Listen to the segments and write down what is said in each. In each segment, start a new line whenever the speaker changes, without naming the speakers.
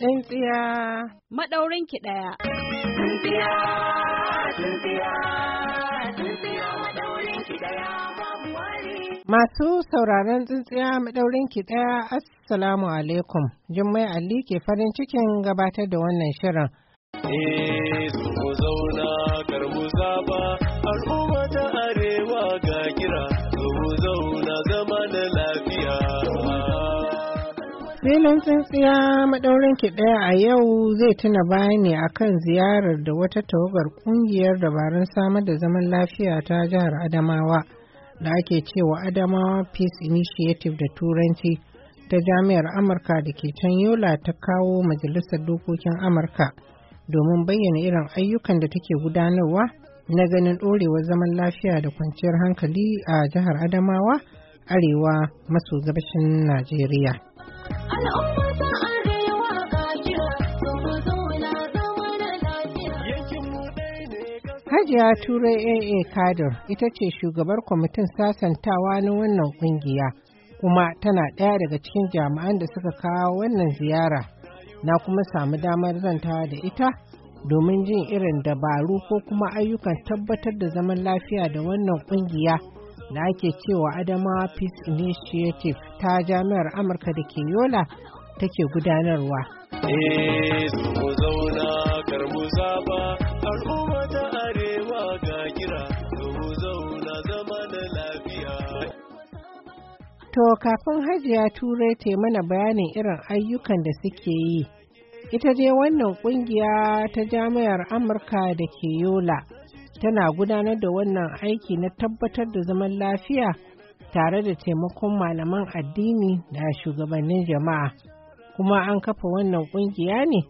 Tsintsiya. Maɗaurin ki ɗaya. Tsintsiya, tsintsiya, tsintsiya maɗaurin ki ɗaya. Masu sauraron tsintsiya maɗaurin ki ɗaya Assalamu alaikum. Jummai Ali ke farin cikin gabatar da wannan shirin. Eh. Filin tsintsiya maɗaurin ki ɗaya a yau zai tuna bayani akan ziyarar da wata tawagar ƙungiyar dabarun samar da zaman lafiya ta jihar Adamawa da ake cewa Adamawa Peace Initiative da Turanci ta Jami'ar Amurka da ke can Yola ta kawo Majalisar Dokokin Amurka domin bayyana irin ayyukan da take gudanarwa na ganin ɗorewar zaman lafiya da kwanciyar hankali a jihar Adamawa, Arewa maso gabashin Najeriya. Hajiya Turai AA Kadir ita ce shugabar kwamitin sasantawa na wannan kungiya kuma tana ɗaya daga cikin jami'an da suka kawo wannan ziyara na kuma samu damar zantawa da ita domin jin irin dabaru ko kuma ayyukan tabbatar da zaman lafiya da wannan kungiya Na ake cewa Adama Peace Initiative ta jami'ar Amurka da ke Yola take gudanarwa.
Eh,
ga To kafin hajiya turai ta mana bayanin irin ayyukan da suke yi. Ita dai wannan kungiya ta jami'ar Amurka da ke Yola. tana gudanar da wannan aiki na tabbatar da zaman lafiya tare da taimakon malaman addini da shugabannin jama'a kuma an kafa wannan kungiya ne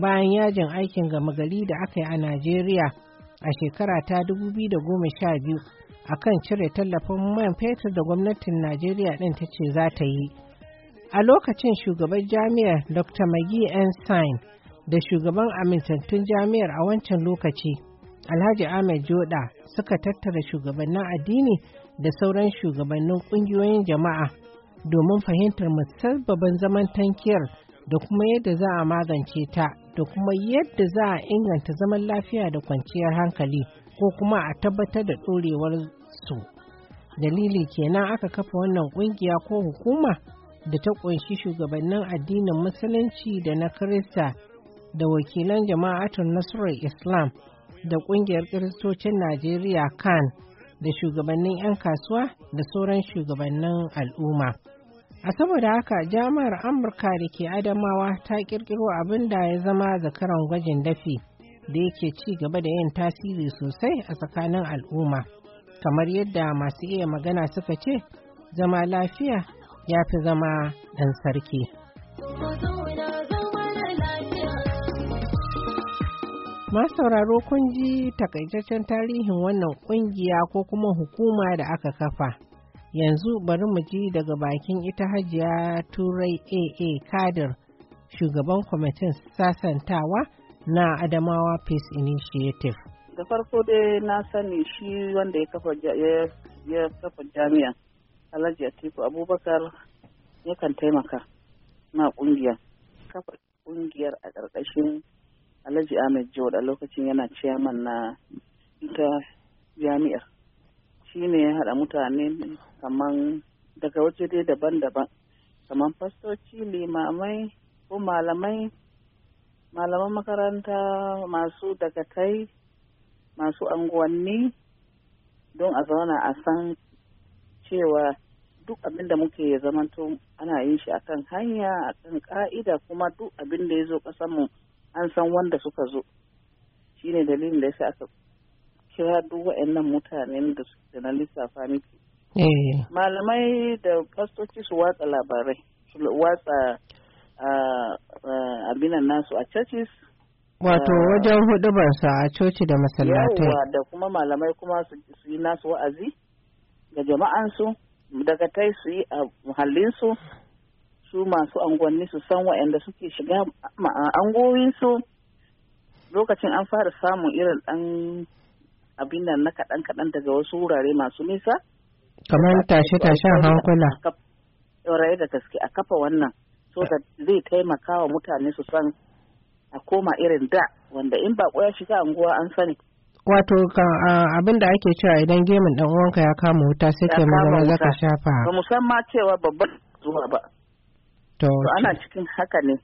bayan yajin aikin gama gari da aka yi a najeriya a shekara ta 2012 kan cire tallafin man fetur da gwamnatin najeriya ɗin ta ce za ta yi a lokacin shugaban jami'ar dr magi ensign da shugaban amintattun jami'ar a wancan lokaci Alhaji Ahmed Joda suka tattara shugabannin addini da sauran shugabannin ƙungiyoyin jama'a domin fahimtar musabbabin zaman tankiyar da kuma yadda za a magance ta da kuma yadda za a inganta zaman lafiya da kwanciyar hankali ko kuma a tabbatar da ɗorewar su. Dalili kenan aka kafa wannan ƙungiya ko hukuma da ta ƙunshi shugabannin addinin Musulunci da na Kirista da wakilan jama'atun Nasarar Islam. da kungiyar kiristocin Najeriya kan da shugabannin 'yan kasuwa da sauran shugabannin al'umma. A saboda haka jami'ar Amurka da ke Adamawa ta kirkiro abin da ya zama zakaran gwajin dafi da yake ci gaba da yin tasiri sosai a tsakanin al'umma. Kamar yadda masu iya magana suka ce, zama lafiya ya fi zama ɗan sarki. masauraro sauraro kun ji takaitaccen tarihin wannan kungiya ko kuma hukuma da aka kafa. Yanzu bari mu ji daga bakin ita hajiya Turai AA Kadir, shugaban kwamitin sasantawa na Adamawa Peace
Initiative. Da farko dai na sani shi wanda ya kafa ya kafa jami'a Alhaji Atiku Abubakar yakan taimaka na kungiya. kungiyar a ƙarƙashin Alhaji Ahmed Jawad a lokacin yana ciyaman na ta jami'ar. Shi ne ya haɗa mutane kaman daga waje dai daban-daban kamar fastoci limamai ko malamai malaman makaranta masu dagatai masu anguwanni don a zauna a san cewa duk abin da muke ya zamanto ana yin shi akan hanya akan ka'ida kuma duk abin da ya zo mu an san wanda suka zo shine dalilin da yasa aka kira duk waɗannan mutanen da na lissafa miki eh. malamai da fastoci su watsa labarai su watsa abinan nasu a churches
wato wajen su a coci da masallatai Yawwa da
kuma malamai kuma su yi nasu wa'azi ga jama'ansu daga tai su yi a muhallinsu su masu angonni su san waɗanda suke shiga su lokacin an fara samun irin ɗan abin nan na kaɗan-kaɗan daga wasu wurare masu nisa.
Kamar tashi a hankula.
yawarai da gaske a kafa wannan so da zai taimaka wa mutane su san a koma irin da wanda in bako ya shiga anguwa an sani.
Wato abin da ake cewa idan gemin ɗan uwanka ya kama wuta sai ke magana zaka shafa. Ba
musamman cewa babban zuwa ba. To ana cikin haka ne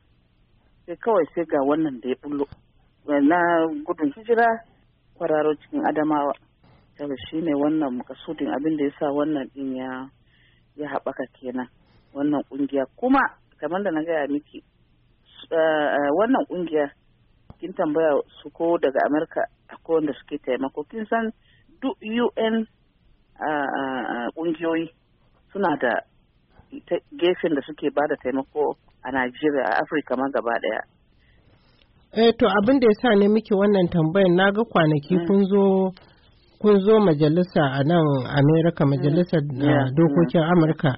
sai kawai sai ga wannan da ya bullo na gudun hijira kwararo cikin adamawa. Tabi shi ne wannan makasudin abin da ya sa wannan din ya ya haɓaka kenan wannan ƙungiya kuma kamar da na gaya miki eh, eh, wannan ƙungiya kin tambaya su ko daga amurka akwai wanda suke taimako kin san duk un eh, ƙungiyoyi suna da gefen da suke ba da taimako a Najeriya a Afirka ma gaba daya.
Eh to abin da ya sa ne miki wannan tambayar na ga kwanaki mm. kun zo kun zo majalisa a nan Amerika mm. majalisar ah, mm. dokokin Amurka.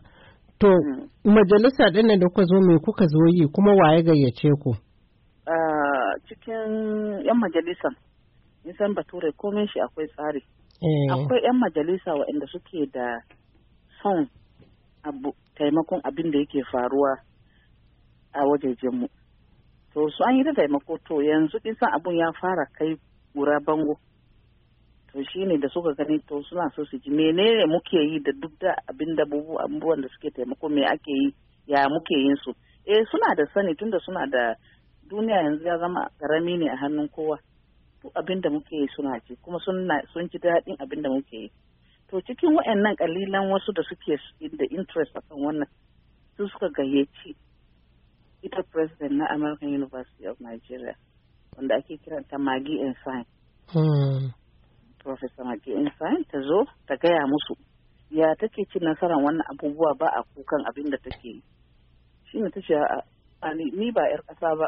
To majalisa din da kuka zo mai kuka zo yi kuma waye gayyace ku?
Ah, cikin 'yan majalisa nisan bature komai shi akwai tsari.
Eh. Akwai
'yan majalisa waɗanda suke da son abu taimakon abin da yake faruwa a wajejenmu to su an yi ta taimako to yanzu san abun ya fara kai gura bango to ne da suka gani to suna so su ji menene muke yi da duk da abin da abubuwan da suke taimako me ake yi ya muke yin su eh suna da sani tunda suna da duniya yanzu ya zama karami ne a hannun kowa duk abin da muke yi suna ci kuma sun ji daɗin abin da muke yi to cikin waɗannan kalilan wasu da suke da interest akan wannan su suka gayyaci ita president na American University of Nigeria wanda ake kiranta Maggie Ensign. Hmm. Professor in Ensign ta zo ta gaya musu ya take cin nasarar wannan abubuwa ba a kukan abin da take yi. Shi ne ta ce ni ba 'yar ƙasa ba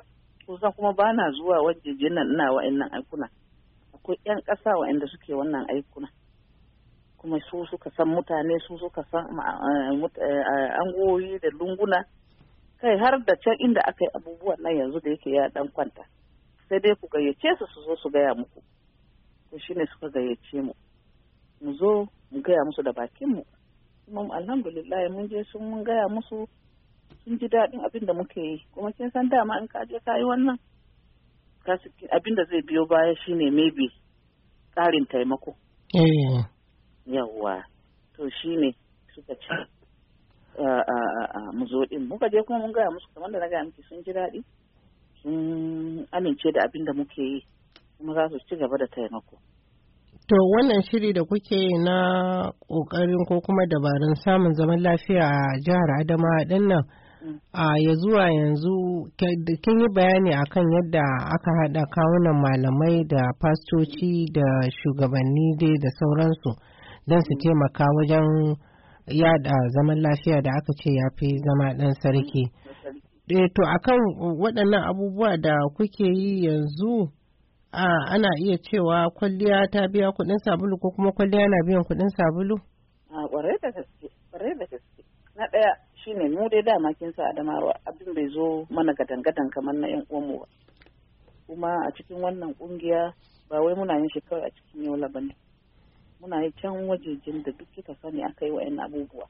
kusan kuma ba na zuwa wajejen nan ina wa'annan aikuna. Akwai 'yan ƙasa wa'anda suke wannan aikuna. kuma su suka san mutane su suka san eh, eh, angoyi da lunguna kai har da can inda aka yi abubuwan nan yanzu da yake ya dan kwanta sai dai ku gayyace su su zo su gaya muku to shine suka gayyace mu mu zo mu gaya musu da bakin mu kuma alhamdulillah mun je sun mun gaya musu sun ji daɗin abin da muke yi kuma kin san dama in ka je ka wannan abin da zai biyo baya shine maybe ƙarin taimako eh. yawwa to shi ne suka ci mu zo muka je kuma mun gaya musu kamar da na gaya miki sun ji daɗi sun amince da abin da muke yi kuma za su ci gaba da taimako.
To wannan shiri da kuke na ƙoƙarin ko kuma dabarun samun zaman lafiya a jihar Adama ɗin nan mm. a ya zuwa yanzu kin yi bayani akan yadda aka haɗa kawunan malamai da fastoci da shugabanni dai da sauransu. don su taimaka wajen yada zaman lafiya da aka ce ya fi zama ɗan sarki. Eh, to akan waɗannan abubuwa da kuke yi yanzu ana iya cewa kwalliya ta biya kuɗin sabulu ko kuma kwalliya na biyan kuɗin sabulu?
da ƙwarai da gaske. Na ɗaya shi ne mu dai dama kin sa Adamawa abin bai zo mana gadangadan kamar na 'yan uwanmu ba. Kuma a cikin wannan ƙungiya ba wai muna yin shi kawai a cikin yola ba ne. muna yi can wajejin da duk kika sani aka yi wa'yan abubuwa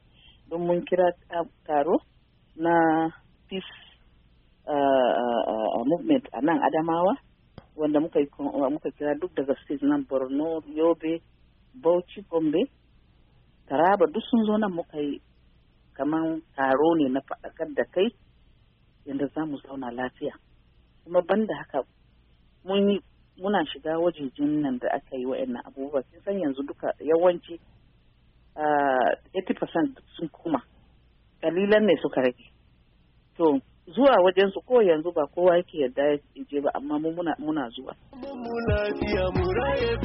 don mun kira taro na peace movement a nan adamawa wanda muka kira duk daga state nan borno yobe bauchi gombe taraba duk sun zo nan muka yi kamar taro ne na faɗakar da kai yadda za mu zauna lafiya kuma banda haka mun yi muna shiga wajejin nan da aka yi wa'annan abubuwa sun san yanzu duka yawanci 80% ah, sun kuma kalilan ne suka rage to zuwa wajen su ko yanzu ba kowa yake yadda ya je ba amma mu muna zuwa
mu lafiya mu raye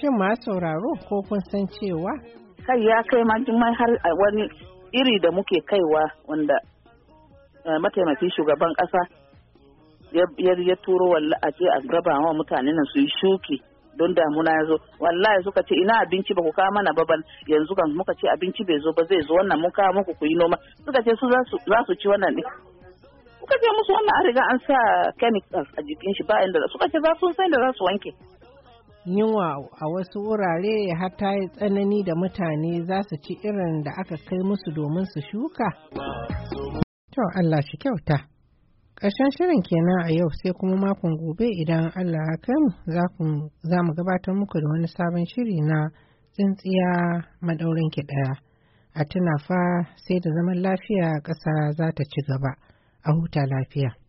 shin ma sauraro ko kun san cewa
kai ya kai ma mai har wani iri da muke kaiwa wanda mataimakin shugaban ƙasa ya turo walla a ce a raba wa mutane nan su yi shuki don damuna ya zo wallahi suka ce ina abinci ba ku kawo mana ba ban yanzu kan muka ce abinci bai zo ba zai zo wannan mun kawo muku ku yi noma suka ce su za su ci wannan ne suka ce musu wannan a riga an sa chemicals a jikin shi ba inda suka ce za su san da za su wanke yunwa a
wasu wurare har ta yi tsanani da mutane za su ci irin da aka kai musu domin su shuka? To Allah shi kyauta. Ƙarshen shirin kenan a yau sai kuma makon gobe idan Allah ya kai za mu gabatar muku da wani sabon shiri na tsintsiya maɗaurin ki ɗaya. A tuna fa sai da zaman lafiya ƙasa za ta ci gaba. A huta lafiya.